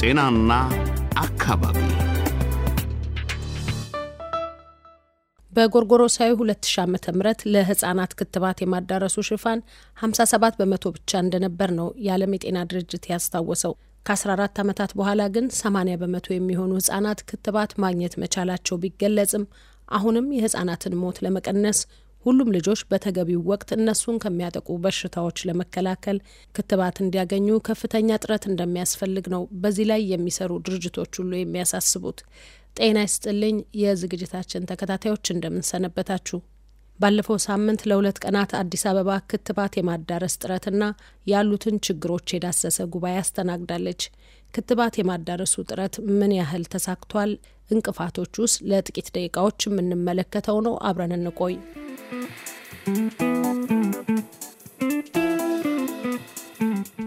ጤናና አካባቢ በጎርጎሮሳዊ 2000 ዓ.ም ለህጻናት ክትባት የማዳረሱ ሽፋን 57 በመቶ ብቻ እንደነበር ነው የዓለም የጤና ድርጅት ያስታወሰው። ከ14 ዓመታት በኋላ ግን 80 በመቶ የሚሆኑ ህጻናት ክትባት ማግኘት መቻላቸው ቢገለጽም አሁንም የህጻናትን ሞት ለመቀነስ ሁሉም ልጆች በተገቢው ወቅት እነሱን ከሚያጠቁ በሽታዎች ለመከላከል ክትባት እንዲያገኙ ከፍተኛ ጥረት እንደሚያስፈልግ ነው በዚህ ላይ የሚሰሩ ድርጅቶች ሁሉ የሚያሳስቡት። ጤና ይስጥልኝ የዝግጅታችን ተከታታዮች እንደምንሰነበታችሁ። ባለፈው ሳምንት ለሁለት ቀናት አዲስ አበባ ክትባት የማዳረስ ጥረትና ያሉትን ችግሮች የዳሰሰ ጉባኤ አስተናግዳለች። ክትባት የማዳረሱ ጥረት ምን ያህል ተሳክቷል? እንቅፋቶች ውስጥ ለጥቂት ደቂቃዎች የምንመለከተው ነው። አብረን እንቆይ።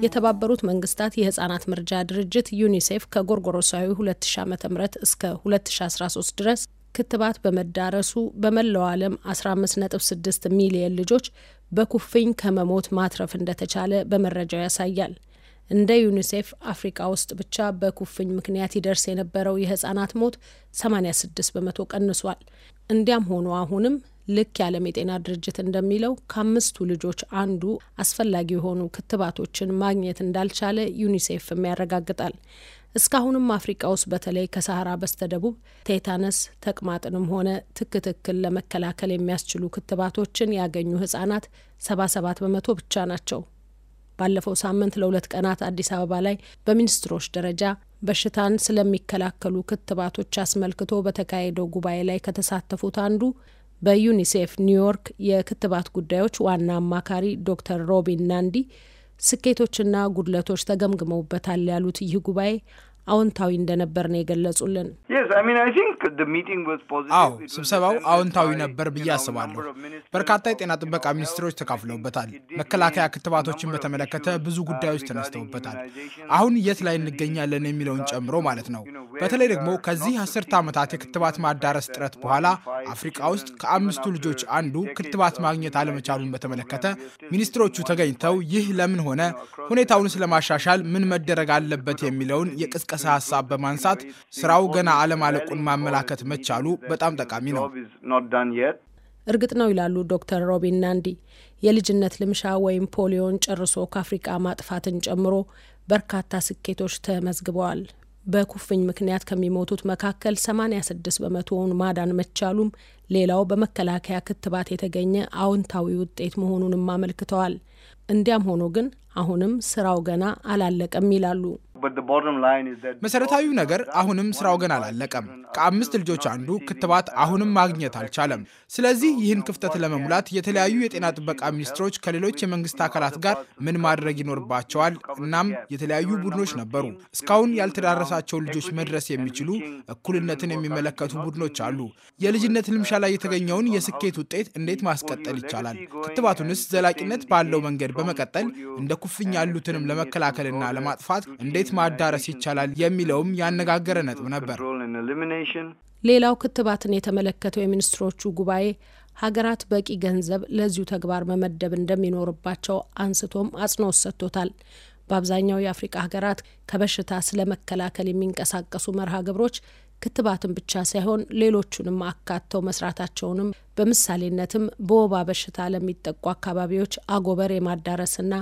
የተባበሩት መንግስታት የህጻናት መርጃ ድርጅት ዩኒሴፍ ከጎርጎሮሳዊ 2000 ዓ ም እስከ 2013 ድረስ ክትባት በመዳረሱ በመላው ዓለም 15.6 ሚሊየን ልጆች በኩፍኝ ከመሞት ማትረፍ እንደተቻለ በመረጃው ያሳያል። እንደ ዩኒሴፍ አፍሪካ ውስጥ ብቻ በኩፍኝ ምክንያት ይደርስ የነበረው የህጻናት ሞት 86 በመቶ ቀንሷል። እንዲያም ሆኖ አሁንም ልክ የዓለም የጤና ድርጅት እንደሚለው ከአምስቱ ልጆች አንዱ አስፈላጊ የሆኑ ክትባቶችን ማግኘት እንዳልቻለ ዩኒሴፍም ያረጋግጣል። እስካሁንም አፍሪቃ ውስጥ በተለይ ከሳህራ በስተደቡብ ቴታነስ፣ ተቅማጥንም ሆነ ትክትክል ለመከላከል የሚያስችሉ ክትባቶችን ያገኙ ህጻናት 77 በመቶ ብቻ ናቸው። ባለፈው ሳምንት ለሁለት ቀናት አዲስ አበባ ላይ በሚኒስትሮች ደረጃ በሽታን ስለሚከላከሉ ክትባቶች አስመልክቶ በተካሄደው ጉባኤ ላይ ከተሳተፉት አንዱ በዩኒሴፍ ኒውዮርክ የክትባት ጉዳዮች ዋና አማካሪ ዶክተር ሮቢን ናንዲ ስኬቶችና ጉድለቶች ተገምግመውበታል ያሉት ይህ ጉባኤ አዎንታዊ እንደነበር ነው የገለጹልን። አዎ ስብሰባው አዎንታዊ ነበር ብዬ አስባለሁ። በርካታ የጤና ጥበቃ ሚኒስትሮች ተካፍለውበታል። መከላከያ ክትባቶችን በተመለከተ ብዙ ጉዳዮች ተነስተውበታል። አሁን የት ላይ እንገኛለን የሚለውን ጨምሮ ማለት ነው። በተለይ ደግሞ ከዚህ አስርተ ዓመታት የክትባት ማዳረስ ጥረት በኋላ አፍሪቃ ውስጥ ከአምስቱ ልጆች አንዱ ክትባት ማግኘት አለመቻሉን በተመለከተ ሚኒስትሮቹ ተገኝተው ይህ ለምን ሆነ፣ ሁኔታውን ስለማሻሻል ምን መደረግ አለበት የሚለውን የቅስ የቅስቀሳ ሀሳብ በማንሳት ስራው ገና አለማለቁን ማመላከት መቻሉ በጣም ጠቃሚ ነው። እርግጥ ነው ይላሉ ዶክተር ሮቢን ናንዲ። የልጅነት ልምሻ ወይም ፖሊዮን ጨርሶ ከአፍሪቃ ማጥፋትን ጨምሮ በርካታ ስኬቶች ተመዝግበዋል። በኩፍኝ ምክንያት ከሚሞቱት መካከል 86 በመቶውን ማዳን መቻሉም ሌላው በመከላከያ ክትባት የተገኘ አዎንታዊ ውጤት መሆኑንም አመልክተዋል። እንዲያም ሆኖ ግን አሁንም ስራው ገና አላለቀም ይላሉ። መሰረታዊው ነገር አሁንም ስራው ገና አላለቀም። ከአምስት ልጆች አንዱ ክትባት አሁንም ማግኘት አልቻለም። ስለዚህ ይህን ክፍተት ለመሙላት የተለያዩ የጤና ጥበቃ ሚኒስትሮች ከሌሎች የመንግስት አካላት ጋር ምን ማድረግ ይኖርባቸዋል? እናም የተለያዩ ቡድኖች ነበሩ። እስካሁን ያልተዳረሳቸውን ልጆች መድረስ የሚችሉ እኩልነትን የሚመለከቱ ቡድኖች አሉ። የልጅነት ልምሻ ላይ የተገኘውን የስኬት ውጤት እንዴት ማስቀጠል ይቻላል? ክትባቱንስ ዘላቂነት ባለው መንገድ በመቀጠል እንደ ኩፍኝ ያሉትንም ለመከላከልና ለማጥፋት እንዴት ማዳረስ ይቻላል የሚለውም ያነጋገረ ነጥብ ነበር። ሌላው ክትባትን የተመለከተው የሚኒስትሮቹ ጉባኤ ሀገራት በቂ ገንዘብ ለዚሁ ተግባር መመደብ እንደሚኖርባቸው አንስቶም አጽንኦት ሰጥቶታል። በአብዛኛው የአፍሪቃ ሀገራት ከበሽታ ስለ መከላከል የሚንቀሳቀሱ መርሃ ግብሮች ክትባትን ብቻ ሳይሆን ሌሎቹንም አካተው መስራታቸውንም በምሳሌነትም በወባ በሽታ ለሚጠቁ አካባቢዎች አጎበር የማዳረስና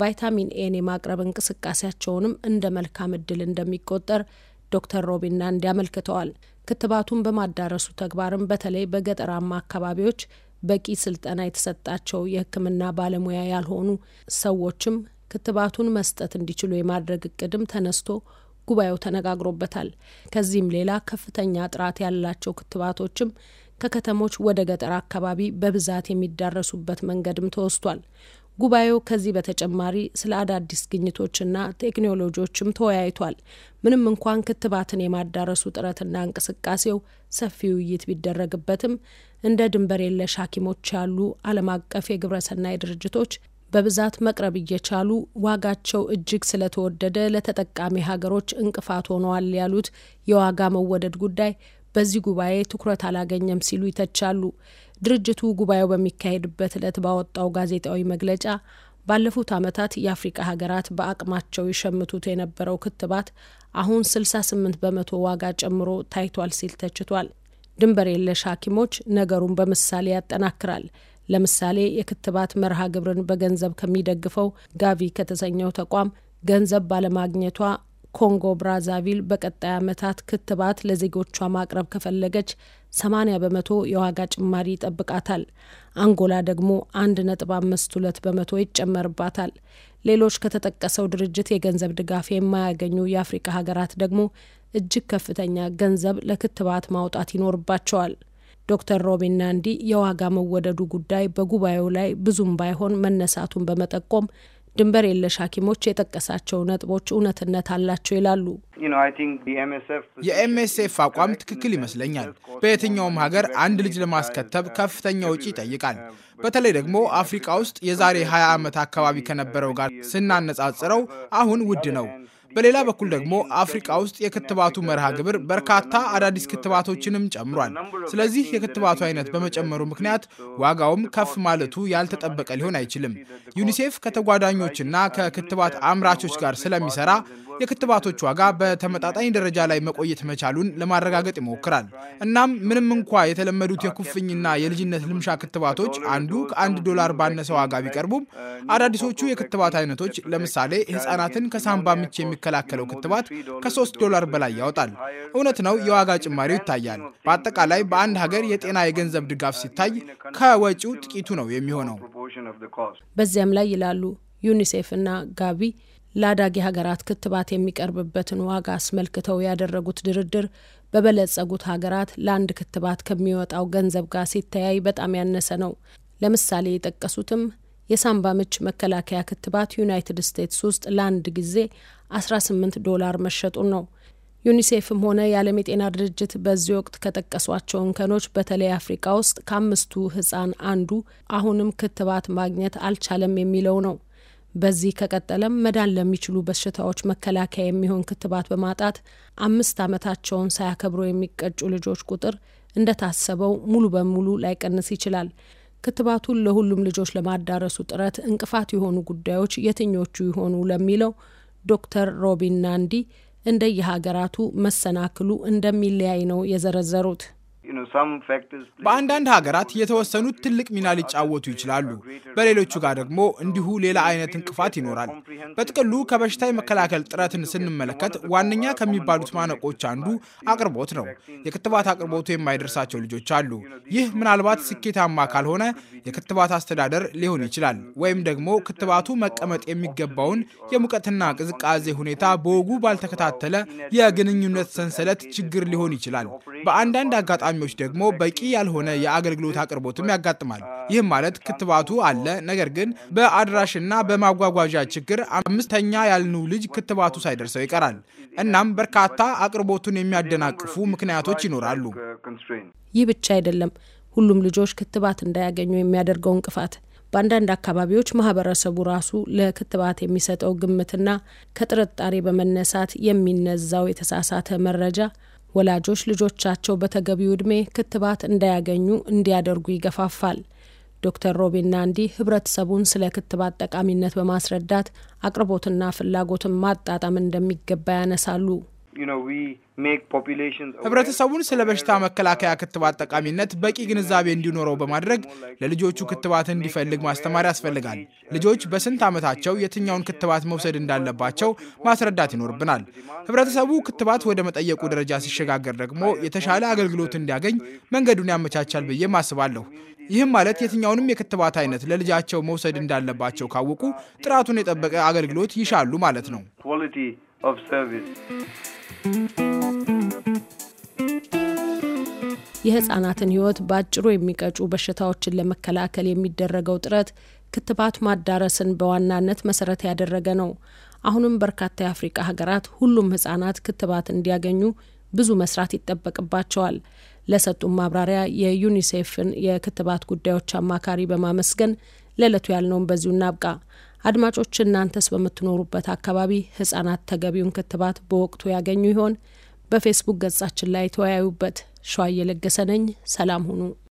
ቫይታሚን ኤን የማቅረብ እንቅስቃሴያቸውንም እንደ መልካም እድል እንደሚቆጠር ዶክተር ሮቢና እንዲያመልክተዋል። ክትባቱን በማዳረሱ ተግባርም በተለይ በገጠራማ አካባቢዎች በቂ ስልጠና የተሰጣቸው የሕክምና ባለሙያ ያልሆኑ ሰዎችም ክትባቱን መስጠት እንዲችሉ የማድረግ እቅድም ተነስቶ ጉባኤው ተነጋግሮበታል። ከዚህም ሌላ ከፍተኛ ጥራት ያላቸው ክትባቶችም ከከተሞች ወደ ገጠር አካባቢ በብዛት የሚዳረሱበት መንገድም ተወስቷል። ጉባኤው ከዚህ በተጨማሪ ስለ አዳዲስ ግኝቶችና ቴክኖሎጂዎችም ተወያይቷል። ምንም እንኳን ክትባትን የማዳረሱ ጥረትና እንቅስቃሴው ሰፊ ውይይት ቢደረግበትም እንደ ድንበር የለሽ ሐኪሞች ያሉ ዓለም አቀፍ የግብረሰናይ ድርጅቶች በብዛት መቅረብ እየቻሉ ዋጋቸው እጅግ ስለተወደደ ለተጠቃሚ ሀገሮች እንቅፋት ሆነዋል ያሉት የዋጋ መወደድ ጉዳይ በዚህ ጉባኤ ትኩረት አላገኘም ሲሉ ይተቻሉ። ድርጅቱ ጉባኤው በሚካሄድበት ዕለት ባወጣው ጋዜጣዊ መግለጫ ባለፉት ዓመታት የአፍሪቃ ሀገራት በአቅማቸው የሸምቱት የነበረው ክትባት አሁን 68 በመቶ ዋጋ ጨምሮ ታይቷል ሲል ተችቷል። ድንበር የለሽ ሐኪሞች ነገሩን በምሳሌ ያጠናክራል። ለምሳሌ የክትባት መርሃ ግብርን በገንዘብ ከሚደግፈው ጋቪ ከተሰኘው ተቋም ገንዘብ ባለማግኘቷ ኮንጎ ብራዛቪል በቀጣይ ዓመታት ክትባት ለዜጎቿ ማቅረብ ከፈለገች 80 በመቶ የዋጋ ጭማሪ ይጠብቃታል። አንጎላ ደግሞ 1.52 በመቶ ይጨመርባታል። ሌሎች ከተጠቀሰው ድርጅት የገንዘብ ድጋፍ የማያገኙ የአፍሪካ ሀገራት ደግሞ እጅግ ከፍተኛ ገንዘብ ለክትባት ማውጣት ይኖርባቸዋል። ዶክተር ሮቢን ናንዲ የዋጋ መወደዱ ጉዳይ በጉባኤው ላይ ብዙም ባይሆን መነሳቱን በመጠቆም ድንበር የለሽ ሐኪሞች የጠቀሳቸው ነጥቦች እውነትነት አላቸው ይላሉ። የኤምኤስኤፍ አቋም ትክክል ይመስለኛል። በየትኛውም ሀገር አንድ ልጅ ለማስከተብ ከፍተኛ ውጪ ይጠይቃል። በተለይ ደግሞ አፍሪካ ውስጥ የዛሬ 20 ዓመት አካባቢ ከነበረው ጋር ስናነጻጽረው አሁን ውድ ነው። በሌላ በኩል ደግሞ አፍሪቃ ውስጥ የክትባቱ መርሃ ግብር በርካታ አዳዲስ ክትባቶችንም ጨምሯል። ስለዚህ የክትባቱ አይነት በመጨመሩ ምክንያት ዋጋውም ከፍ ማለቱ ያልተጠበቀ ሊሆን አይችልም። ዩኒሴፍ ከተጓዳኞችና ከክትባት አምራቾች ጋር ስለሚሰራ የክትባቶች ዋጋ በተመጣጣኝ ደረጃ ላይ መቆየት መቻሉን ለማረጋገጥ ይሞክራል። እናም ምንም እንኳ የተለመዱት የኩፍኝና የልጅነት ልምሻ ክትባቶች አንዱ ከአንድ ዶላር ባነሰ ዋጋ ቢቀርቡም አዳዲሶቹ የክትባት አይነቶች ለምሳሌ ህጻናትን ከሳምባ ምች የሚከላከለው ክትባት ከ3 ዶላር በላይ ያወጣል። እውነት ነው፣ የዋጋ ጭማሪው ይታያል። በአጠቃላይ በአንድ ሀገር የጤና የገንዘብ ድጋፍ ሲታይ ከወጪው ጥቂቱ ነው የሚሆነው። በዚያም ላይ ይላሉ ዩኒሴፍ እና ጋቢ ለአዳጊ ሀገራት ክትባት የሚቀርብበትን ዋጋ አስመልክተው ያደረጉት ድርድር በበለጸጉት ሀገራት ለአንድ ክትባት ከሚወጣው ገንዘብ ጋር ሲተያይ በጣም ያነሰ ነው። ለምሳሌ የጠቀሱትም የሳምባ ምች መከላከያ ክትባት ዩናይትድ ስቴትስ ውስጥ ለአንድ ጊዜ 18 ዶላር መሸጡን ነው። ዩኒሴፍም ሆነ የዓለም የጤና ድርጅት በዚህ ወቅት ከጠቀሷቸው እንከኖች በተለይ አፍሪካ ውስጥ ከአምስቱ ህፃን አንዱ አሁንም ክትባት ማግኘት አልቻለም የሚለው ነው። በዚህ ከቀጠለም መዳን ለሚችሉ በሽታዎች መከላከያ የሚሆን ክትባት በማጣት አምስት ዓመታቸውን ሳያከብሩ የሚቀጩ ልጆች ቁጥር እንደታሰበው ሙሉ በሙሉ ላይቀንስ ይችላል። ክትባቱን ለሁሉም ልጆች ለማዳረሱ ጥረት እንቅፋት የሆኑ ጉዳዮች የትኞቹ ይሆኑ ለሚለው ዶክተር ሮቢን ናንዲ እንደየሀገራቱ መሰናክሉ እንደሚለያይ ነው የዘረዘሩት። በአንዳንድ ሀገራት የተወሰኑት ትልቅ ሚና ሊጫወቱ ይችላሉ። በሌሎቹ ጋር ደግሞ እንዲሁ ሌላ አይነት እንቅፋት ይኖራል። በጥቅሉ ከበሽታ የመከላከል ጥረትን ስንመለከት ዋነኛ ከሚባሉት ማነቆች አንዱ አቅርቦት ነው። የክትባት አቅርቦቱ የማይደርሳቸው ልጆች አሉ። ይህ ምናልባት ስኬታማ ካልሆነ የክትባት አስተዳደር ሊሆን ይችላል። ወይም ደግሞ ክትባቱ መቀመጥ የሚገባውን የሙቀትና ቅዝቃዜ ሁኔታ በወጉ ባልተከታተለ የግንኙነት ሰንሰለት ችግር ሊሆን ይችላል። በአንዳንድ አጋጣሚ ታማሚዎች ደግሞ በቂ ያልሆነ የአገልግሎት አቅርቦትም ያጋጥማል። ይህም ማለት ክትባቱ አለ፣ ነገር ግን በአድራሽና በማጓጓዣ ችግር አምስተኛ ያልኑ ልጅ ክትባቱ ሳይደርሰው ይቀራል። እናም በርካታ አቅርቦቱን የሚያደናቅፉ ምክንያቶች ይኖራሉ። ይህ ብቻ አይደለም ሁሉም ልጆች ክትባት እንዳያገኙ የሚያደርገው እንቅፋት በአንዳንድ አካባቢዎች ማህበረሰቡ ራሱ ለክትባት የሚሰጠው ግምትና ከጥርጣሬ በመነሳት የሚነዛው የተሳሳተ መረጃ ወላጆች ልጆቻቸው በተገቢው ዕድሜ ክትባት እንዳያገኙ እንዲያደርጉ ይገፋፋል። ዶክተር ሮቢን ናንዲ ህብረተሰቡን ስለ ክትባት ጠቃሚነት በማስረዳት አቅርቦትና ፍላጎትን ማጣጣም እንደሚገባ ያነሳሉ። ህብረተሰቡን ስለ በሽታ መከላከያ ክትባት ጠቃሚነት በቂ ግንዛቤ እንዲኖረው በማድረግ ለልጆቹ ክትባት እንዲፈልግ ማስተማር ያስፈልጋል። ልጆች በስንት ዓመታቸው የትኛውን ክትባት መውሰድ እንዳለባቸው ማስረዳት ይኖርብናል። ህብረተሰቡ ክትባት ወደ መጠየቁ ደረጃ ሲሸጋገር ደግሞ የተሻለ አገልግሎት እንዲያገኝ መንገዱን ያመቻቻል ብዬም አስባለሁ። ይህም ማለት የትኛውንም የክትባት አይነት ለልጃቸው መውሰድ እንዳለባቸው ካወቁ ጥራቱን የጠበቀ አገልግሎት ይሻሉ ማለት ነው። የህጻናትን ህይወት በአጭሩ የሚቀጩ በሽታዎችን ለመከላከል የሚደረገው ጥረት ክትባት ማዳረስን በዋናነት መሰረት ያደረገ ነው። አሁንም በርካታ የአፍሪቃ ሀገራት ሁሉም ህጻናት ክትባት እንዲያገኙ ብዙ መስራት ይጠበቅባቸዋል። ለሰጡን ማብራሪያ የዩኒሴፍን የክትባት ጉዳዮች አማካሪ በማመስገን ለዕለቱ ያልነውን በዚሁ እናብቃ። አድማጮች እናንተስ በምትኖሩበት አካባቢ ህጻናት ተገቢውን ክትባት በወቅቱ ያገኙ ይሆን? በፌስቡክ ገጻችን ላይ ተወያዩበት። ሸዋ እየለገሰ ነኝ። ሰላም ሁኑ።